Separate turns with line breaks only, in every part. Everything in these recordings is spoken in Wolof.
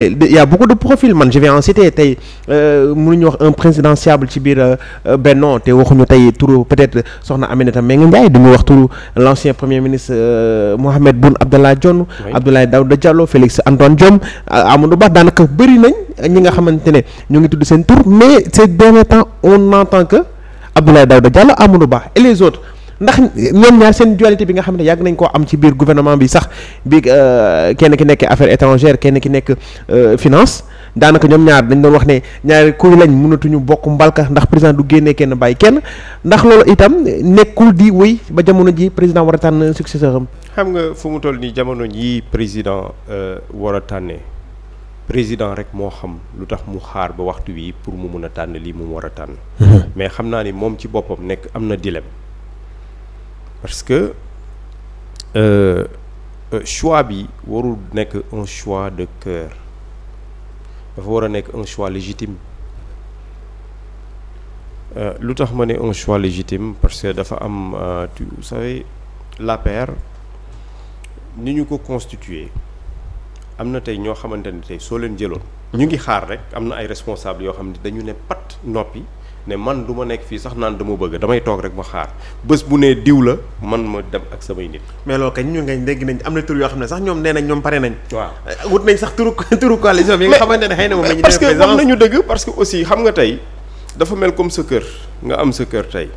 il y a beaucoup de man je vais en citer tey euh, mënuñu wax un présidentiable ci biir euh, Benno te waxuñu tey turu peut-être soxna Aminata Mbengue Ndiaye di nga wax turu l'ancien premier ministre euh, Mohamed Boun Abdallah Dionne Abdoulaye Daouda Diallo Félix Antoine Diome Amadou Ba daanaka bëri nañ ñi nga xamante ne ñu ngi tudd seen tur mais ces derniers temps on entend que Abdoulaye Daouda Diallo Amadou Ba et les autres ndax ñoom ñaar seen dualité bi nga xam ne yàgg nañ koo am ci biir gouvernement bi sax bi euh, kenn ki nekk affaires étrangères kenn ki nekk euh, finance daanaka ñoom ñaar dañ doon wax ne ñaari kuy lañ mënatuñu bokk mbalka ndax président du génnee kenn bàyyi kenn ndax loolu itam nekkul di wéy ba jamono ji président war a tànn successeur
am xam nga fu mu toll nii jamono jii président euh, war a tànnee président rek moo xam lu tax mu xaar ba waxtu wii pour mu mun a tànn lii mu war a tànn mhm. mais xam naa ni moom ci boppam nekk am na dilemme parce que euh, euh, choix bi warul nekk un choix de cœur dafa war a nekk un choix légitime euh, lu tax ma ne un choix légitime parce que dafa am euh, tu vous savez l'APR ni ñu ko constitué am na tey ñoo xamante ne tey soo leen jëloon. ñu ngi xaar rek am na ay responsables yoo xam ne dañu ne pat noppi. ne man du ma nekk fii sax naan dama bëgg damay toog rek ba xaar bés bu nee diw la man ma dem ak samay nit. mais loolu
kañ ñun ngañ dégg nañ am na tur yoo xam ne sax ñoom nee nañ
ñoom pare nañ. waaw eh, wut nañ sax turu
turu coalition yi nga xamante ne xëy na moom la ñu. parce que wax nañu
dëgg parce que aussi xam nga tey dafa mel comme sa kër nga am sa kër tey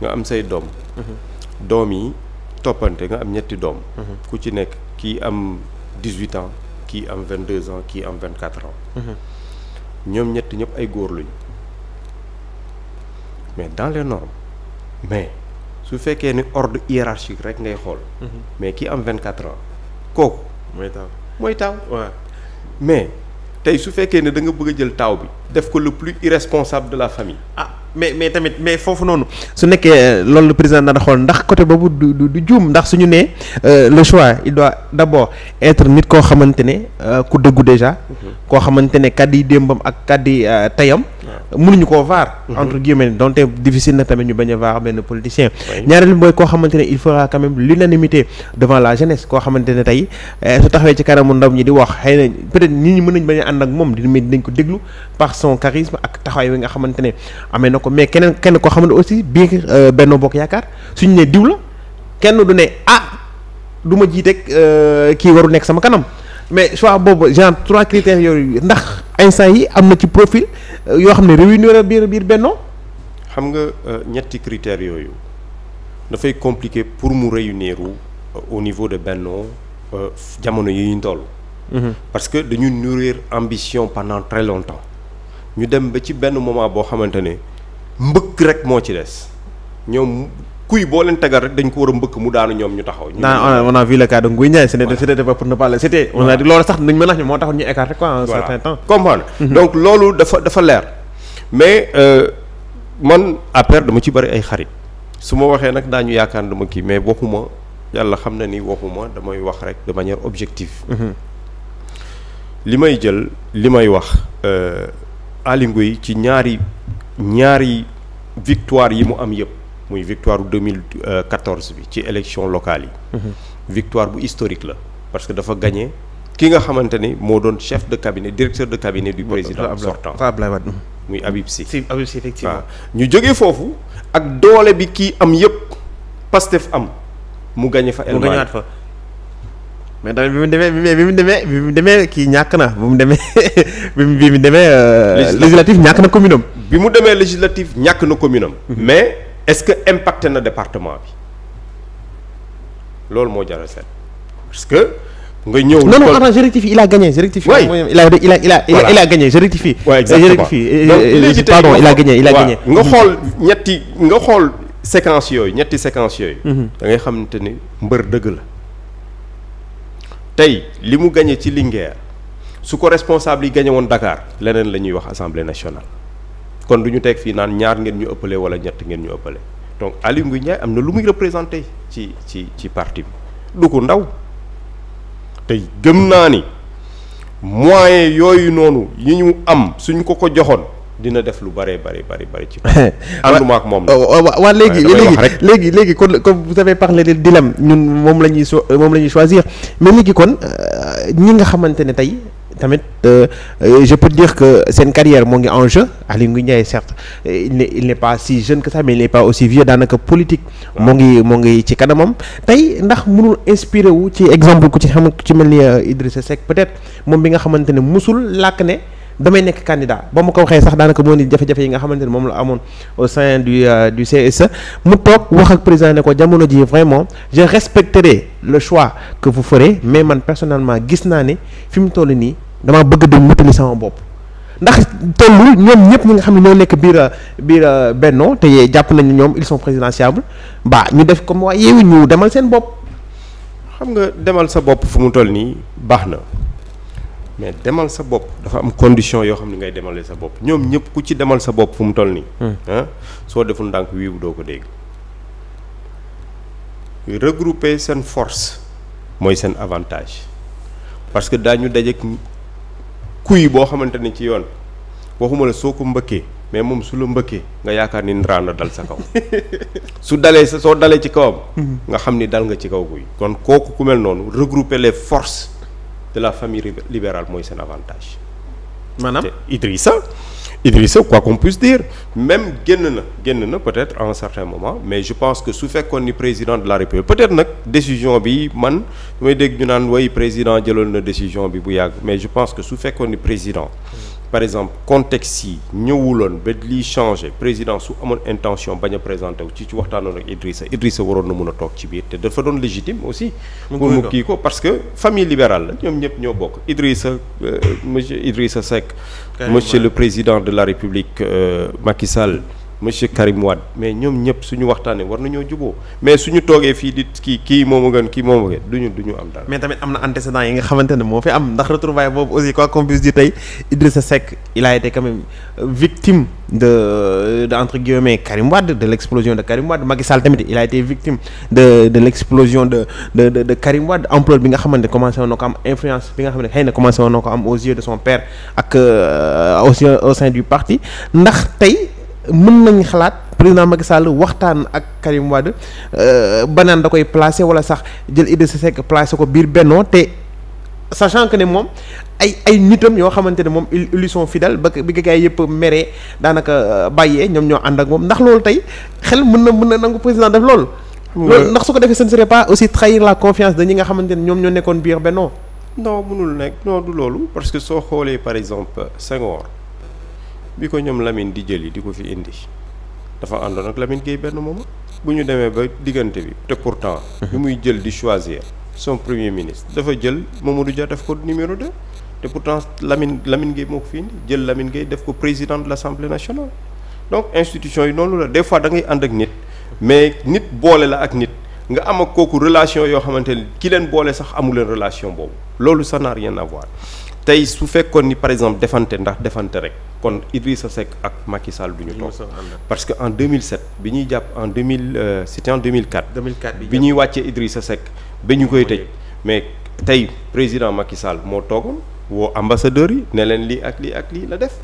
nga am say doom. Mhm. doom yi toppante nga am ñetti doom. Mhm. ku ci nekk kii am 18 ans kii am 22 ans kii am 24 ans. Mhm. ñoom ñett ñëpp ay góor lañu. mais dans le normes mais su fekkee ni ordre hiérarchique rek ngay xool. Mhm. mais ki am vingt quatre ans kooku. mooy taaw mooy taaw. waaw mais tey su fekkee ne da nga bëgg a jël taaw bi. def ko le plus irresponsable de la famille. ah mais mais tamit mais foofu noonu.
su nekkee euh, loolu le président dana xool ndax côté boobu du du du juum ndax su ñu nee euh, le choix il doit d' abord être nit koo xamante ne euh, ku dëggu déjà. Mhm. koo xamante ne kàddi démbam ak kàddi tayam. mënuñu koo vaar. Mhm. entre guillemets donte difficile na tamit ñu bañ a vaar benn politicien. ñaareel mooy koo xamante ne il faudra quand même l'unanimité devant la jeunesse koo xamante ne tey eh, su taxawee ci kanamu ndaw ñi di wax xëy na peut ñi mën nañ bañ a ànd ak moom di dinañ ko déglu par son charisme ak taxawaay nga xamante ne amee na ko mais keneen kenn koo xamante aussi biir euh, Benno Bokk Yaakaar suñ ne diw kenn du ne ah du ma jiiteeg euh, kii waru nekk sama kanam mais choix boobu genre trois critères yooyu ndax instant yi am na ci profil. yoo xam ne réunir a biir biir Benno
xam nga euh, ñetti critères yooyu dafay compliqué pour mu réunir wu euh, au niveau de Benno euh, jamono yi ñu toll mhm. parce que dañu nourrir ambition pendant très longtemps ñu dem ba ci benn moment boo xamante ne mbëkk rek moo ci des ñoom kuy boo leen tegal rek dañ ko war a mbëkk mu daanu ñoom ñu taxaw. ñu on
a vu le cas de Nguy Ndiaye. waaw pour ne pas le citer. on a loolu
sax nañ mën a wax moo taxoon ñu écarté quoi. Mhm. dafa leer mais euh, man après dama ci bari ay xarit su ma waxee nag daañu yaakaar dama kii mais waxuma yàlla xam na ni waxuma damay wax rek de manière objective. Mhm. li may jël li may wax euh, Aly Ngouille ci ñaari ñaari victoire yi mu am yëpp. muy victoire bu 2014 bi ci élection locale yi. Mhm. victoire bu historique la parce que dafa gagné ki nga xamante ni moo doon chef de cabinet directeur de cabinet du président sortant Abdoulaye Wade mhm. muy Habib Sy. si Habib Sy effectivement ñu jógee foofu ak doole bi kii am yëpp Pastef am mu gagné fa. mu fa
mais tamit bi mu demee bi mu demee bi mu demee kii ñàkk na bi mu demee
bi mu demee. Euh, législatif ñàkk na commune bi mu demee législatif ñàkk na commune am. Mhm. mais. est-ce que impacté na département bi loolu moo jar a seet parce que. nga ñëw non non attends
je rectifie il a il a il a il a voilà. il a gagné je rectifie. waaw exactement je rectifie donc nga mm-hmm. xool
ñetti nga xool séquence yooyu ñetti séquence yooyu. Mm-hmm. da ngay xamante ni mbër dëgg la. tey li mu gagné ci Linguère su ko responsable yi gagné woon Dakar leneen la ñuy wax assemblée nationale. kon du ñu teg fii naan ñaar ngeen ñu ëppale wala ñett ngeen ñu ëppale donc Aly Ngouille Ndiaye am na lu muy représenté ci ci ci parti bi du ko ndaw tey gëm naa ni moyen yooyu noonu yi ñu am suñ ko ko joxoon dina def lu bëree bëri bëri bëri ci ànduma ak moom waaw léegi léegi
léegi léegi kon comme vous avez parlé de dilemme ñun moom la ñuy so moom la ñuy choisir mais léegi kon euh, ñi nga xamante ne tey tamit euh, je peux dire que seen carrière moo ngi en jeu Aly Ngouille Ndiaye certes il n'est il n'est pas si jeune que pas aussi vieux daanaka politique moo ngi moo ngi ci kanamam tey ndax mënul inspiré wu ci exemple ku ci xam ku ci mel ni euh, Idrissa Seck peut-être moom bi nga xamante ne musul làkk ne damay nekk candidat ba mu ko waxee sax daanaka moo ni jafe-jafe yi nga xamante ne moom la amoon au sein du euh, du e. mu toog wax ak président ne ko jamono ji vraiment je respecterai le choix que mais man personnellement gis naa ne fi mu toll nii damaa bëgg dem mutali sama bopp ndax tollu ñoom ñëpp ñi nga xam ne ñoo nekk biir biir euh, Benno te jàpp nañu ñoom ils sont présidentiables ba ñu def comme waa yeewu ñu demal seen bopp.
xam nga demal sa bopp fu mu toll nii baax na mais demal sa bopp dafa am condition yoo xam ne ngay demalee sa bopp ñoom ñëpp ku ci demal sa bopp fu mu toll nii. ah soo deful ndànk wiiw doo ko dégg. regrouper seen force mooy seen avantage parce que daañu dajeek kuy boo xamante ne ci yoon waxuma la soo ko mbëkkee mais moom su la mbëkkee nga yaakaar ni ndaraan la dal sa kaw su dalee sa soo dalee ci kawam. Mhm. nga xam ni dal nga ci kaw guy. kon kooku ku mel noonu regrouper les force te la famille libérale mooy seen avantage. maanaam Idrissa Idrissa quoi qu'on puisse dire même génn na génn na peut-être à un certain moment mais je pense que su fekkoon ni président de la République peut-être nag décision bi man damay dégg ñu naan way président jëloon na décision bi bu yàgg mais je pense que su fekkoon ni président par exemple contexte yi ñëwuloon ba lii changé président su amoon intention bañ a présenté wu ci ci waxtaanoon ak Idrissa Idrissa waroon na mun a toog ci biir te dafa doon légitime aussi. pour mu kii ko parce que famille libérale la ñoom ñëpp ñoo bokk Idrissa euh, monsieur Idrissa sec monsieur le président de la République euh, Macky Sall. monsieur Karim Wade mais ñoom ñëpp suñu waxtaanee war nañoo juboo mais suñu toogee fii di kii kii moomu gën kii moomu gën duñu duñu am dara.
mais tamit am na antécédent yi nga xamante ne moo fi am ndax retrouvaille boobu aussi quoi qu'on puisse dire tey a été quand même euh, victime de de entre guillemets Karim de l'explosion de Karim Wade tamit il a été victime de de l'explosion de de de de Karim Wade ampleur bi nga xamante ne commencé woon na ko am influence bi nga xam ne xëy na commencé woon na ko am aux de son père ak euh, aussi au sein du parti ndax tey. mën nañ xalaat président Macky Sall waxtaan ak Karim Wade euh, banaan da koy placer wala sax jël Idrissa Seck placer ko biir bennoo te sachant que ne moom ay ay nitam yoo xamante ni moom ils ils sont fidèles bi nga gaay yëpp meree daanaka euh, bàyyee ñoom ñoo ànd ak moom ndax loolu tey xel mun na mun na nangu président def lool ndax su ko defee ce ne serait pas aussi trahir la confiance de ñi nga xamante ne ñoom ñoo nekkoon biir bennoo.
non mënul nekk non du loolu parce que soo xoolee par exemple Senghor. bi ko ñoom Lamine di jëli di ko fi indi dafa àndoon ak Lamine Gueye benn mooma bu ñu demee ba diggante bi te pourtant bi muy jël di choisir son premier ministre dafa jël Mamadou Dia def ko numéro 2 te pourtant Lamine Lamine Gueye moo ko fi jël Lamine Gueye def ko président de l'Assemblée nationale donc institution yi noonu la des fois da ngay ànd ak nit mais nit boole la ak nit nga am ak kooku relation yoo xamante ne ki leen boole sax amul leen relation boobu loolu sa n'a rien à tey su fekkoon ni par exemple defante ndax defante rek kon Idrissa Seck ak Macky Sall du ñu toog parce que en 2007 bi ñuy jàpp en 2000 euh, c'était en 2004. 2004 bi ñuy wàccee Idrissa Seck ba ñu koy tëj mais tey président Macky Sall moo toogoon woo ambassadeurs yi ne leen lii ak lii ak lii la def.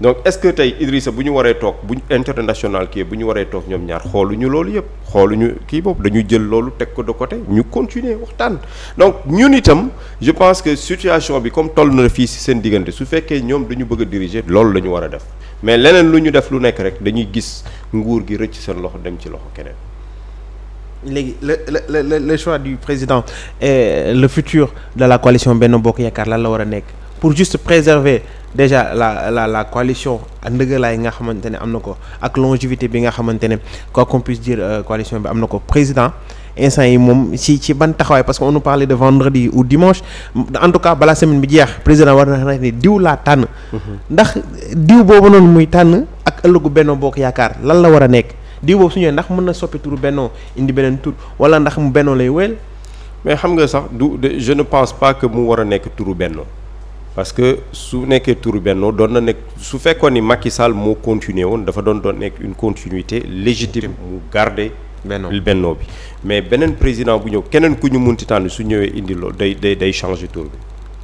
donc est-ce que tey Idrissa bu ñu waree toog bu international kii bu ñu waree toog ñoom ñaar xooluñu loolu yëpp xoolu xooluñu kii boobu dañu jël loolu teg ko de côté ñu continuer waxtaan donc ñun itam je pense que situation bi comme toll na fii si seen diggante su fekkee ñoom dañu bëgg a diriger loolu la ñu war a def mais leneen lu ñu def lu nekk rek dañuy gis nguur gi rëcc seen loxo dem ci loxo keneen.
léegi le le le du président et le futur de la coalition Benno Bokk Yaakaar lan la war a nekk. pour juste préserver déjà la la la coalition ndëgëlaay yi nga xamante ne am na ko ak longévité bi nga xamante ne quoi qu'on puisse euh, coalition bi am na ko président instant yi moom ci ci ban taxawaay parce que on nous de vendredi ou dimanche en tout cas balaa semaine bi jeex président war na ne diw laa tànn. Mhm. ndax diw boobu noonu muy tànn ak ëllëgu Benno Bokk Yaakaar lan la war a nekk diw boobu su ñëwee ndax mën na soppi turu Benno indi beneen tur wala ndax mu Benno lay wéyal.
mais xam nga sax du je ne pense pas mu war a nekk turu Benno. parce que su nekkee tour Benno doon na nekk su fekkoon ni Macky Sall moo continuer woon dafa doon doon nekk une continuité légitime mu garder Benno bi mais beneen président bu ñëw keneen ku ñu munti tànn su ñëwee indi loolu day day day changer tur bi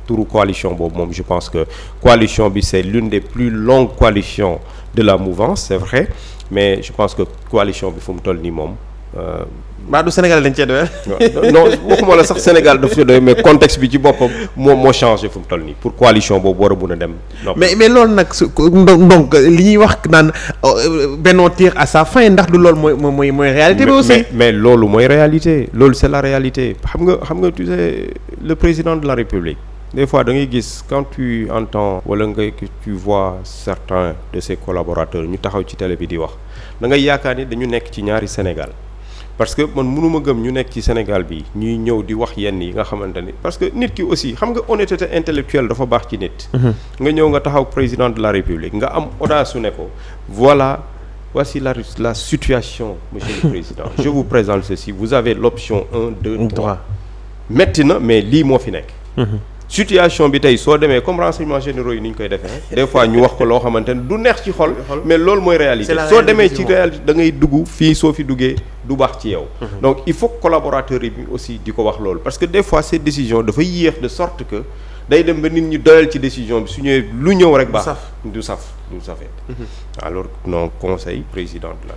turu coalition boobu moom je pense que coalition bi c'est l'une des plus longues coalitions de la mouvance c'est vrai mais je pense que coalition bi fu mu toll nii moom euh, mbaa du Sénégal dañ cee doyal. non waxuma la sax Sénégal daf cee doyal mais contexte bi ci boppam moom moo changé fu mu toll nii pour coalition boobu war a mun a dem.
mais mais loolu nag su donc li ñuy wax naan euh, Benno tire à sa
fin ndax du lool mooy mooy mooy réalité. bi aussi mais loolu mooy réalité loolu c' la réalité xam nga xam nga tu le président de la République. des fois da ngay gis quand en entends wala nga que tu vois certains de ses collaborateurs ñu taxaw ci télé bi di wax da ngay yaakaar ni dañu nekk ci ñaari Sénégal. parce que man mënuma gëm ñu nekk ci Sénégal bi ñuy ñëw di wax yenn yi nga xamante ni parce que nit ki aussi xam nga honnêteté intellectuelle dafa baax ci nit mhm. nga ñëw nga taxaw président de la République nga am audace su ne ko voilà voici la la situation monsieur le président je vous présente ceci vous avez l'option un deux trois metti na mais lii moo fi nekk mhm. situation bi tey soo demee comme renseignement généraux yi ni ñu koy defee des fois ñu wax ko loo xamante ne du neex ci xol mais loolu mooy réalité soo demee ci réalité da ngay dugg fii soo fi duggee du baax ci yow mhm. donc il faut collaborateurs yi aussi di ko wax loolu parce que des fois ces décisions dafa yéex de sorte que day dem ba nit ñi doyal ci décision bi su ñëwee lu ñëw rek baax du saf du safee mhm. alors non conseil président la